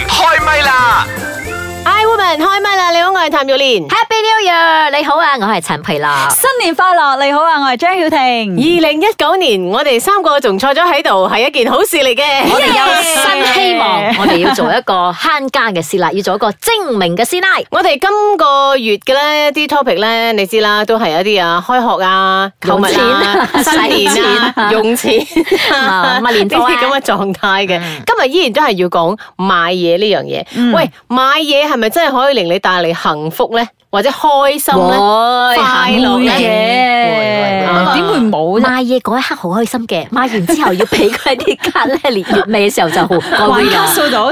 開嘜啦！Hi, woman，開嘜啦！你好，我係譚玉蓮。Happy New Year！你好啊，我係陳皮娜。新年快樂！你好啊，我係張曉婷。二零一九年，我哋三個仲坐咗喺度，係一件好事嚟嘅。我哋有新希望，我哋要做一個慳家嘅師奶，要做一個精明嘅師奶。我哋今個月嘅咧，啲 topic 咧，你知啦，都係一啲啊，開學啊，購物啊，使錢啊，用錢啊，乜嘢咁嘅狀態嘅。今日依然都係要講買嘢呢樣嘢。喂，買嘢。係咪真係可以令你帶嚟幸福咧？或者開心咧，快樂嘢點會冇呢？買嘢嗰一刻好開心嘅，買完之後要俾佢啲卡咧，年月尾嘅時候就虧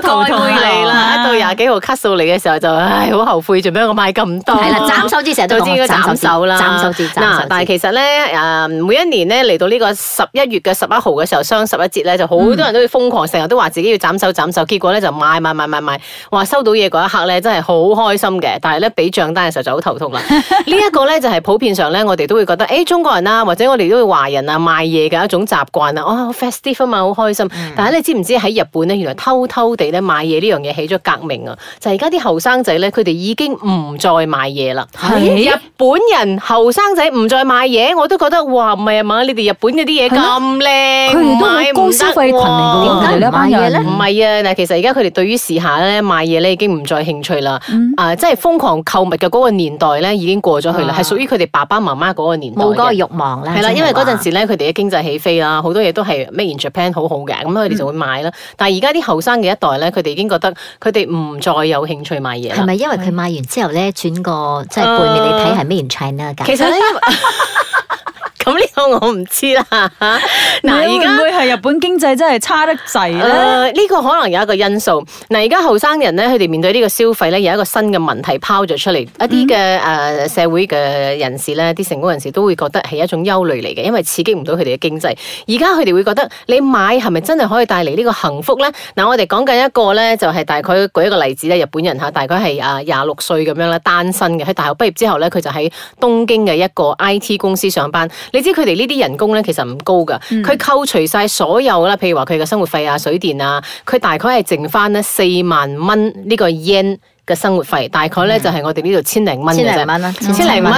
到死啦！一到廿幾號卡數嚟嘅時候就唉，好後悔，做咩我買咁多？係啦，斬手指成日都知應該斬手啦。斬手指，斬手指。但係其實咧，誒每一年咧嚟到呢個十一月嘅十一號嘅時候，雙十一節咧就好多人都會瘋狂，成日都話自己要斬手斬手，結果咧就買買買買買，哇！收到嘢嗰一刻咧真係好開心嘅，但係咧俾賬單。就就好頭痛啦！呢一個咧就係普遍上咧，我哋都會覺得，誒中國人啊，或者我哋都會華人啊買嘢嘅一種習慣啊，哦，好 festive 嘛，好開心。但係你知唔知喺日本咧，原來偷偷地咧買嘢呢樣嘢起咗革命啊！就係而家啲後生仔咧，佢哋已經唔再買嘢啦。日本人後生仔唔再買嘢，我都覺得哇，唔係啊嘛，你哋日本嗰啲嘢咁靚，佢哋都好高消費羣，唔係啊，但其實而家佢哋對於時下咧買嘢咧已經唔再興趣啦。啊，即係瘋狂購物嘅嗰個年代咧已經過咗去啦，係、啊、屬於佢哋爸爸媽媽嗰個年代冇嗰個慾望啦。係啦了，因為嗰陣時咧，佢哋嘅經濟起飛啦，好多嘢都係 Made in Japan 好好嘅，咁佢哋就會買啦。嗯、但係而家啲後生嘅一代咧，佢哋已經覺得佢哋唔再有興趣買嘢啦。係咪因為佢買完之後咧，嗯、轉個即係、就是、背面、呃、你睇係咩？In China 㗎。其實咧。 咁呢個我唔知啦嚇。嗱、啊，而家會唔會係日本經濟真係差得滯咧？呢、呃呢個可能有一個因素。嗱、呃，而家後生人咧，佢哋面對呢個消費咧，有一個新嘅問題拋咗出嚟。一啲嘅誒社會嘅人士咧，啲成功人士都會覺得係一種憂慮嚟嘅，因為刺激唔到佢哋嘅經濟。而家佢哋會覺得，你買係咪真係可以帶嚟呢個幸福咧？嗱、呃，我哋講緊一個咧，就係、係、大概舉一個例子咧，日本人嚇，大概係啊廿六歲咁樣咧，單身嘅，喺大學畢業之後咧，佢就喺東京嘅一個 I T 公司上班。你知佢哋呢啲人工咧，其實唔高㗎。佢、嗯、扣除晒所有啦，譬如話佢嘅生活費啊、水電啊，佢大概係剩返咧四萬蚊呢個 yen。嘅生活費大概咧就係我哋呢度千零蚊，千零蚊，千零蚊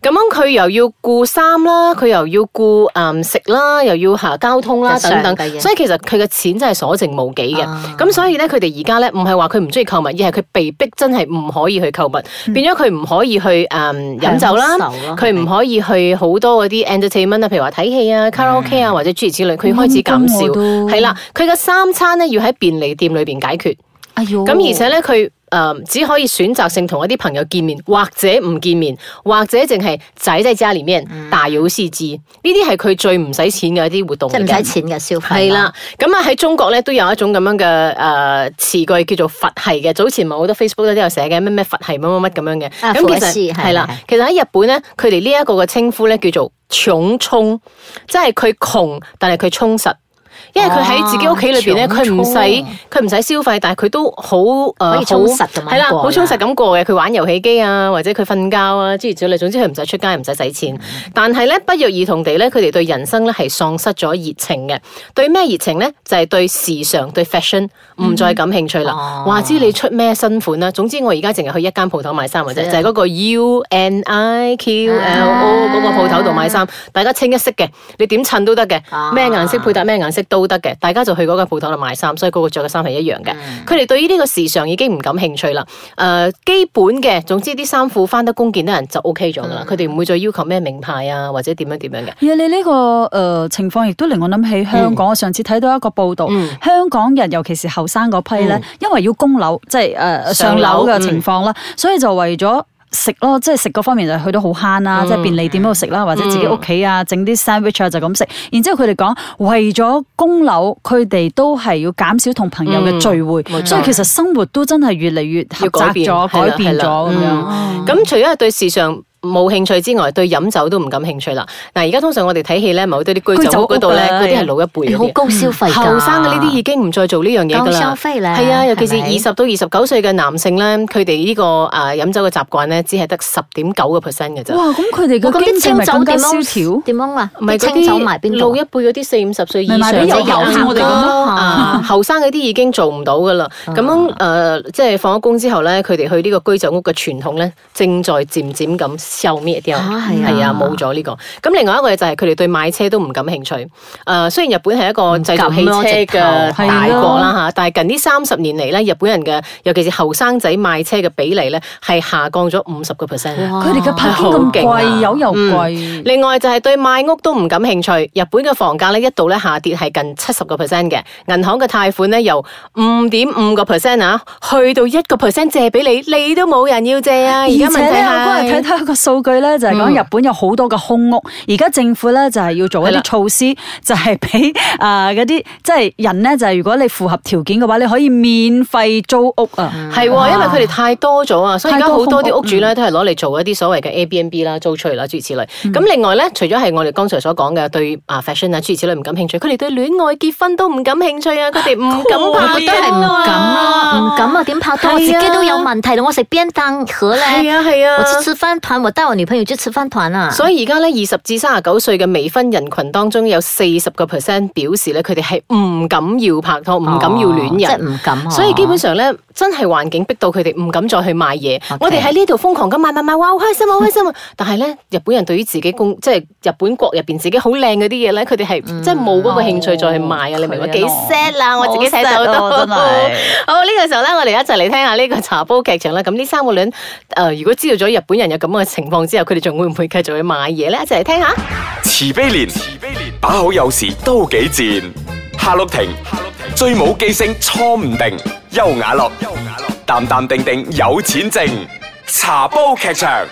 咁樣，佢又要顧衫啦，佢又要顧誒食啦，又要嚇交通啦等等。所以其實佢嘅錢真係所剩無幾嘅。咁所以咧，佢哋而家咧唔係話佢唔中意購物，而係佢被逼真係唔可以去購物，變咗佢唔可以去誒飲酒啦，佢唔可以去好多嗰啲 entertainment 啊，譬如話睇戲啊、卡拉 OK 啊或者諸如此類，佢開始減少。係啦，佢嘅三餐咧要喺便利店裏邊解決。哎呦！咁而且咧佢。誒，um, 只可以選擇性同一啲朋友見面，或者唔見面，或者淨係仔仔喺家裏面，大魚施字呢啲係佢最唔使錢嘅一啲活動。即係唔使錢嘅消費。係啦，咁啊喺中國咧都有一種咁樣嘅誒詞句叫做佛系嘅。早前咪好多 Facebook 都有寫嘅咩咩佛系乜乜乜咁樣嘅。咁、啊、其實係啦，其實喺日本咧，佢哋呢一個嘅稱呼咧叫做窮充，即係佢窮但係佢充實。因為佢喺自己屋企裏邊咧，佢唔使佢唔使消費，但係佢都好誒好係啦，好充實咁過嘅。佢玩遊戲機啊，或者佢瞓覺啊，諸如此類，總之佢唔使出街，唔使使錢。但係咧，不約而同地咧，佢哋對人生咧係喪失咗熱情嘅。對咩熱情咧？就係對時尚、對 fashion 唔再感興趣啦。話知你出咩新款啦？總之我而家淨係去一間鋪頭買衫或者就係嗰個 UNIQLO 嗰個鋪頭度買衫。大家清一色嘅，你點襯都得嘅，咩顏色配搭咩顏色。都得嘅，大家就去嗰間鋪頭度買衫，所以個個着嘅衫係一樣嘅。佢哋、嗯、對於呢個時尚已經唔感興趣啦。誒、呃，基本嘅，總之啲衫褲翻得工見得人就 O K 咗噶啦佢哋唔會再要求咩名牌啊，或者點樣點樣嘅。而你呢、呢個誒、呃、情況亦都令我諗起香港。嗯、我上次睇到一個報道，嗯嗯、香港人尤其是後生嗰批咧，嗯、因為要供樓，即係誒、呃、上樓嘅情況啦，嗯、所以就為咗。食咯，即係食嗰方面就去到好慳啦，嗯、即係便利店嗰度食啦，或者自己屋企啊，整啲 sandwich 就咁食。然之後佢哋講，為咗供樓，佢哋都係要減少同朋友嘅聚會，嗯、所以其實生活都真係越嚟越狹窄咗，改變咗咁樣。咁除咗係對時尚冇興趣之外，對飲酒都唔感興趣啦。嗱，而家通常我哋睇戲咧，咪對啲居酒屋嗰度咧，嗰啲係老一輩。你好高消費㗎。後生嘅呢啲已經唔再做呢樣嘢㗎啦。高消費咧。係啊，尤其是二十到二十九歲嘅男性咧，佢哋呢個啊飲酒嘅習慣咧，只係得十點九個 percent 嘅啫。咁佢哋個經濟咁蕭條，點樣啊？唔係嗰啲老一輩嗰啲四五十歲以上嘅人咯。啊，後生嗰啲已經做唔到㗎啦。咁樣誒，即係放咗工之後咧，佢哋去呢個居酒屋嘅傳統咧，正在漸漸咁。又搣一啊，係啊，冇咗呢個。咁另外一個嘢就係佢哋對買車都唔感興趣。誒、呃，雖然日本係一個製造汽車嘅大國啦嚇，但係近呢三十年嚟咧，日本人嘅尤其是後生仔買車嘅比例咧係下降咗五十個 percent。佢哋嘅排矜咁勁，油又貴，嗯。另外就係對買屋都唔感興趣。日本嘅房價咧一度咧下跌係近七十個 percent 嘅，銀行嘅貸款咧由五點五個 percent 啊，去到一個 percent 借俾你，你都冇人要借啊。而家且咧，問題我個人睇到數據咧就係講日本有好多嘅空屋，而家政府咧就係要做一啲措施，就係俾啊嗰啲即係人咧就係如果你符合條件嘅話，你可以免費租屋啊。係喎，因為佢哋太多咗啊，所以而家好多啲屋主咧都係攞嚟做一啲所謂嘅 Airbnb 啦，租出嚟啦，諸如此類。咁另外咧，除咗係我哋剛才所講嘅對啊 fashion 啊諸如此類唔感興趣，佢哋對戀愛結婚都唔感興趣啊。佢哋唔敢拍拖，唔敢啊，唔敢啊，點拍拖？自己都有問題咯，我食邊凳好咧？啊係啊，翻帶我女朋友去吃飯團啊！所以而家咧，二十至三十九歲嘅未婚人群當中，有四十個 percent 表示咧，佢哋係唔敢要拍拖，唔敢要戀人，即係唔敢。所以基本上咧，真係環境逼到佢哋唔敢再去買嘢。我哋喺呢度瘋狂咁買買買，哇！好開心，好開心啊！但係咧，日本人對於自己公，即係日本國入邊自己好靚嗰啲嘢咧，佢哋係即係冇嗰個興趣再去買啊！你明唔幾 sad 啦，我自己睇到都好呢個時候咧，我哋一齊嚟聽下呢個茶煲劇場啦。咁呢三個卵，誒，如果知道咗日本人有咁嘅，情況之後，佢哋仲會唔會繼續去買嘢咧？一齊嚟聽下。慈悲蓮，慈悲蓮，把口有時都幾賤。夏綠亭，最冇記性，錯唔定。優雅樂，優雅樂，淡淡定定有錢剩。茶煲劇場。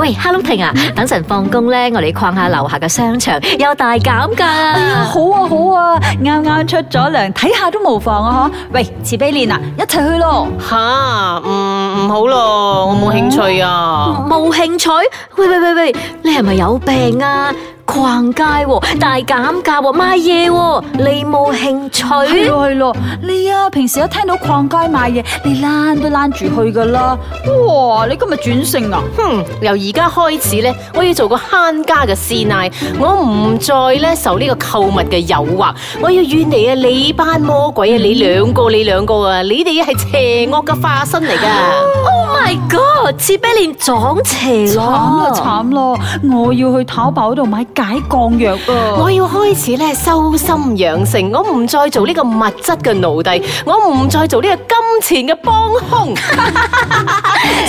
喂，哈囉婷啊，等陣放工咧，我哋逛下樓下嘅商場，有大減㗎。哎，好啊，好啊，啱啱，啊、出咗糧，睇下都無妨啊。喂，慈悲蓮啊，一齊去咯。吓，唔、嗯、唔好咯，我冇興趣啊。冇、哦、興趣？喂喂喂喂，你係咪有病啊？逛街喎、啊，大減價喎，買嘢喎，你冇興趣、啊？係咯、啊，係咯、啊，你啊，平時一聽到逛街買嘢，你躝都躝住去噶啦。哇，你今日轉性啊？哼，由而家開始咧，我要做個慳家嘅師奶，我唔再咧受呢個購物嘅誘惑，我要遠離啊你班魔鬼啊，你兩個，你兩個你啊，你哋係邪惡嘅化身嚟噶。My God，似俾、oh、連撞邪咯！慘咯慘咯！我要去淘寶嗰度買解降藥啊！ 我要開始咧修心養性，我唔再做呢個物質嘅奴隸，我唔再做呢個金錢嘅幫兇。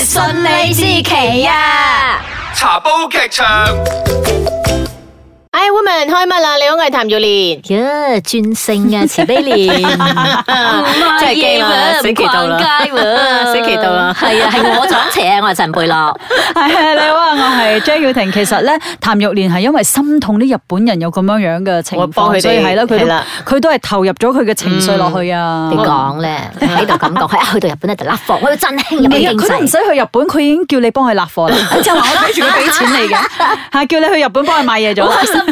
順利是期啊！茶煲劇場。Hi，woman，開嘜啦？你好，我係譚玉蓮。呀，轉性啊，慈悲蓮，即係 game，死期到啦，死期到啦。係啊，係我啊，我係陳佩樂。係你好，我係張耀庭。其實咧，譚玉蓮係因為心痛啲日本人有咁樣樣嘅情況，所以係咯，係啦，佢都係投入咗佢嘅情緒落去啊。點講咧？喺度感覺，係啊，去到日本咧就拉貨，我真係興奮。真唔使去日本，佢已經叫你幫佢拉貨啦。就係話我睇住佢俾錢你嘅，係叫你去日本幫佢買嘢做。 即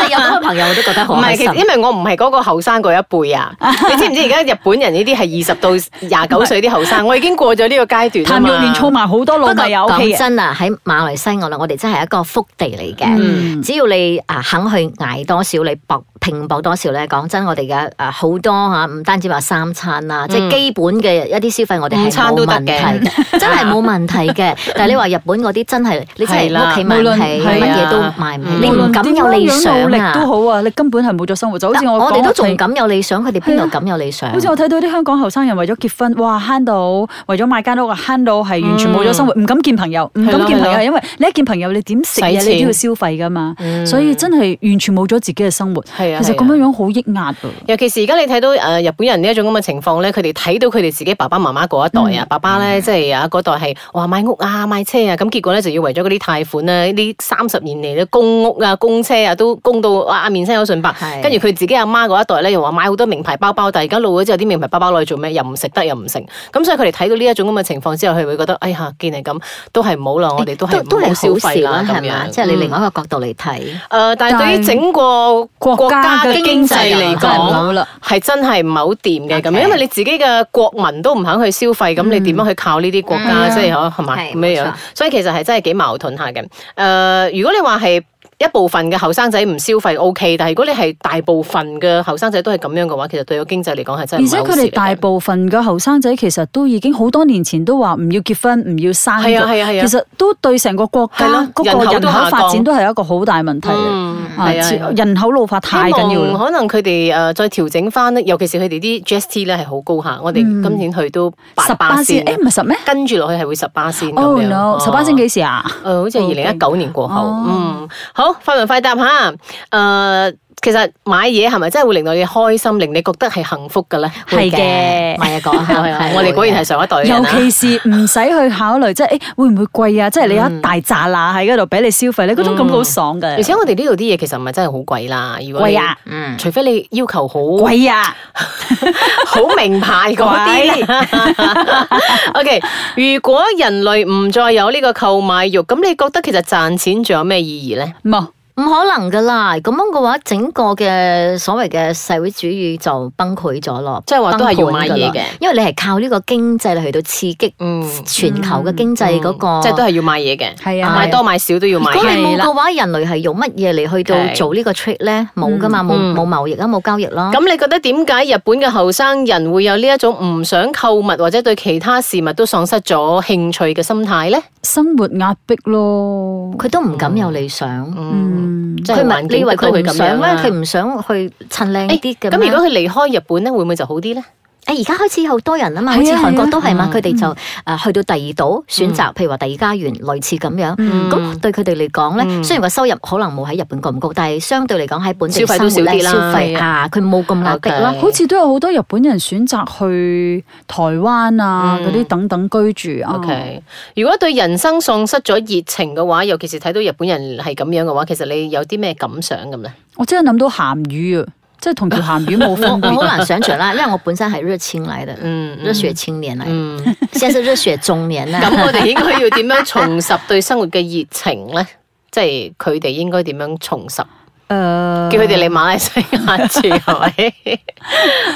係有咁多朋友，我都覺得好唔係，其實因為我唔係嗰個後生嗰一輩啊！ 你知唔知而家日本人呢啲係二十到廿九歲啲後生？ 是我已經過咗呢個階段。攤到面湊埋好多老嘅又 OK 啊！不過講真啊，喺馬來西亞啦，我哋真係一個福地嚟嘅。嗯、只要你啊肯去捱多少，你搏。停薄多少咧？講真，我哋而家好多吓，唔單止話三餐啦，即係基本嘅一啲消費，我哋係都冇問題，真係冇問題嘅。但係你話日本嗰啲真係，你真係屋企買唔起，乜嘢都買唔起唔敢有理想啊！都好啊，你根本係冇咗生活。就好似我哋都仲敢有理想，佢哋邊度敢有理想？好似我睇到啲香港後生人為咗結婚，哇慳到，為咗買間屋啊慳到，係完全冇咗生活，唔敢見朋友，唔敢見朋友，因為你一見朋友你點食嘢你都要消費噶嘛，所以真係完全冇咗自己嘅生活。其實咁樣樣好抑壓啊！嗯、尤其是而家你睇到誒日本人呢一種咁嘅情況咧，佢哋睇到佢哋自己爸爸媽媽嗰一代啊，嗯、爸爸咧即係啊嗰代係話買屋啊買車啊，咁結果咧就要為咗嗰啲貸款啊呢啲三十年嚟嘅公屋啊公車啊都供到啊面青口唇白，跟住佢自己阿媽嗰一代咧又話買好多名牌包包，但係而家老咗之後啲名牌包包攞去做咩？又唔食得又唔食。咁所以佢哋睇到呢一種咁嘅情況之後，佢會覺得哎呀見係咁都係唔好咯，欸、我哋都係都係冇消費啦，係嘛天？嗎即係你另外一個角度嚟睇。誒、嗯呃，但係對於整個國家家嘅經濟嚟講，係真係唔係好掂嘅咁樣，Okay. 因為你自己嘅國民都唔肯去消費，咁、嗯、你點樣去靠呢啲國家？即係嗬，係咪咁樣，所以其實係真係幾矛盾下嘅。誒、呃，如果你話係。一部分嘅後生仔唔消費 O K，但係如果你係大部分嘅後生仔都係咁樣嘅話，其實對個經濟嚟講係真係唔好。而且佢哋大部分嘅後生仔其實都已經好多年前都話唔要結婚、唔要生。係啊係啊係啊！其實都對成個國家嗰個人口發展都係一個好大問題。人口老化太緊要。可能佢哋誒再調整翻，尤其是佢哋啲 G S T 咧係好高。下我哋今年去都十八先，十咩？跟住落去係會十八先。Oh no！十八先幾時啊？好似係二零一九年過後。快問快答，哈誒。Uh 其實買嘢係咪真係會令到你開心，令你覺得係幸福嘅咧？係嘅，唔係啊，我哋果然係上一代。尤其是唔使去考慮，即係誒，會唔會貴啊？即係你一大扎啦喺嗰度俾你消費，你嗰種感覺好爽嘅。而且我哋呢度啲嘢其實唔係真係好貴啦，如果貴啊，除非你要求好貴啊，好名牌嗰啲。OK，如果人類唔再有呢個購買慾，咁你覺得其實賺錢仲有咩意義咧？冇。唔可能噶啦，咁樣嘅話，整個嘅所謂嘅社會主義就崩潰咗咯。即係話都係要買嘢嘅，因為你係靠呢個經濟嚟去到刺激全球嘅經濟嗰個。即係都係要買嘢嘅，係啊，買多買少都要買。如果你冇嘅話，人類係用乜嘢嚟去到做呢個 trick 咧？冇噶嘛，冇冇貿易啦，冇交易啦。咁你覺得點解日本嘅後生人會有呢一種唔想購物或者對其他事物都喪失咗興趣嘅心態咧？生活壓迫咯，佢都唔敢有理想。佢唔，你話佢想咩、啊？佢唔想去襯靚啲嘅。咁、欸、如果佢離開日本咧，會唔會就好啲咧？誒而家開始好多人啊嘛，好似韓國都係嘛，佢哋就誒去到第二島選擇，譬如話第二家園類似咁樣。咁對佢哋嚟講咧，雖然話收入可能冇喺日本咁高，但係相對嚟講喺本地消費都少啲啦。消費，佢冇咁壓迫啦。好似都有好多日本人選擇去台灣啊嗰啲等等居住啊。OK，如果對人生喪失咗熱情嘅話，尤其是睇到日本人係咁樣嘅話，其實你有啲咩感想咁咧？我真係諗到鹹魚啊！即係同條鹹魚冇分別。 我好難想象啦。因為我本身係熱情來的，熱血 青年嚟，嗯， 現在熱血中年啦。 咁我哋應該要點樣重拾對生活嘅熱情呢？即係佢哋應該點樣重拾？誒，叫佢哋嚟馬來西亞住係咪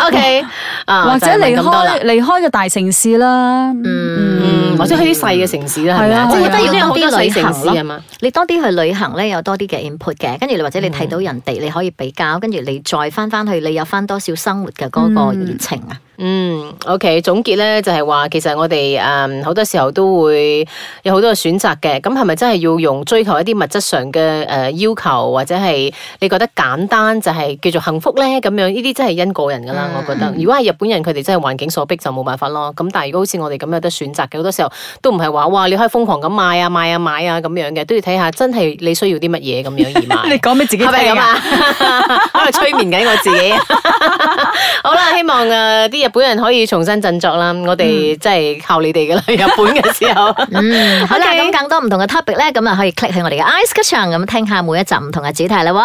？O K，啊或者離開離開個大城市啦，嗯，或者去啲細嘅城市啦，係咪啊？即係都要有啲旅行咯。你多啲去旅行咧，有多啲嘅 input 嘅，跟住你或者你睇到人哋，你可以比較，跟住你再翻翻去，你有翻多少生活嘅嗰個熱情啊？嗯，OK，總結咧就係話，其實我哋誒好多時候都會有好多嘅選擇嘅。咁係咪真係要用追求一啲物質上嘅誒要求，或者係你覺得簡單就係叫做幸福咧？咁樣呢啲真係因個人㗎啦。我覺得，如果係日本人，佢哋真係環境所逼就冇辦法咯。咁但係如果好似我哋咁有得選擇嘅，好多時候都唔係話哇，你可以瘋狂咁買啊買啊買啊咁樣嘅，都要睇下真係你需要啲乜嘢咁樣而買。你講俾自己聽啊！喺度催眠緊我自己。好啦，希望誒啲日本人可以重新振作啦！我哋即係靠你哋嘅啦， 日本嘅時候。 嗯，好啦，咁 Okay. 更多唔同嘅 topic 咧，咁啊可以 click 去我哋嘅 ice kitchen 咁聽下每一集唔同嘅主題啦喎。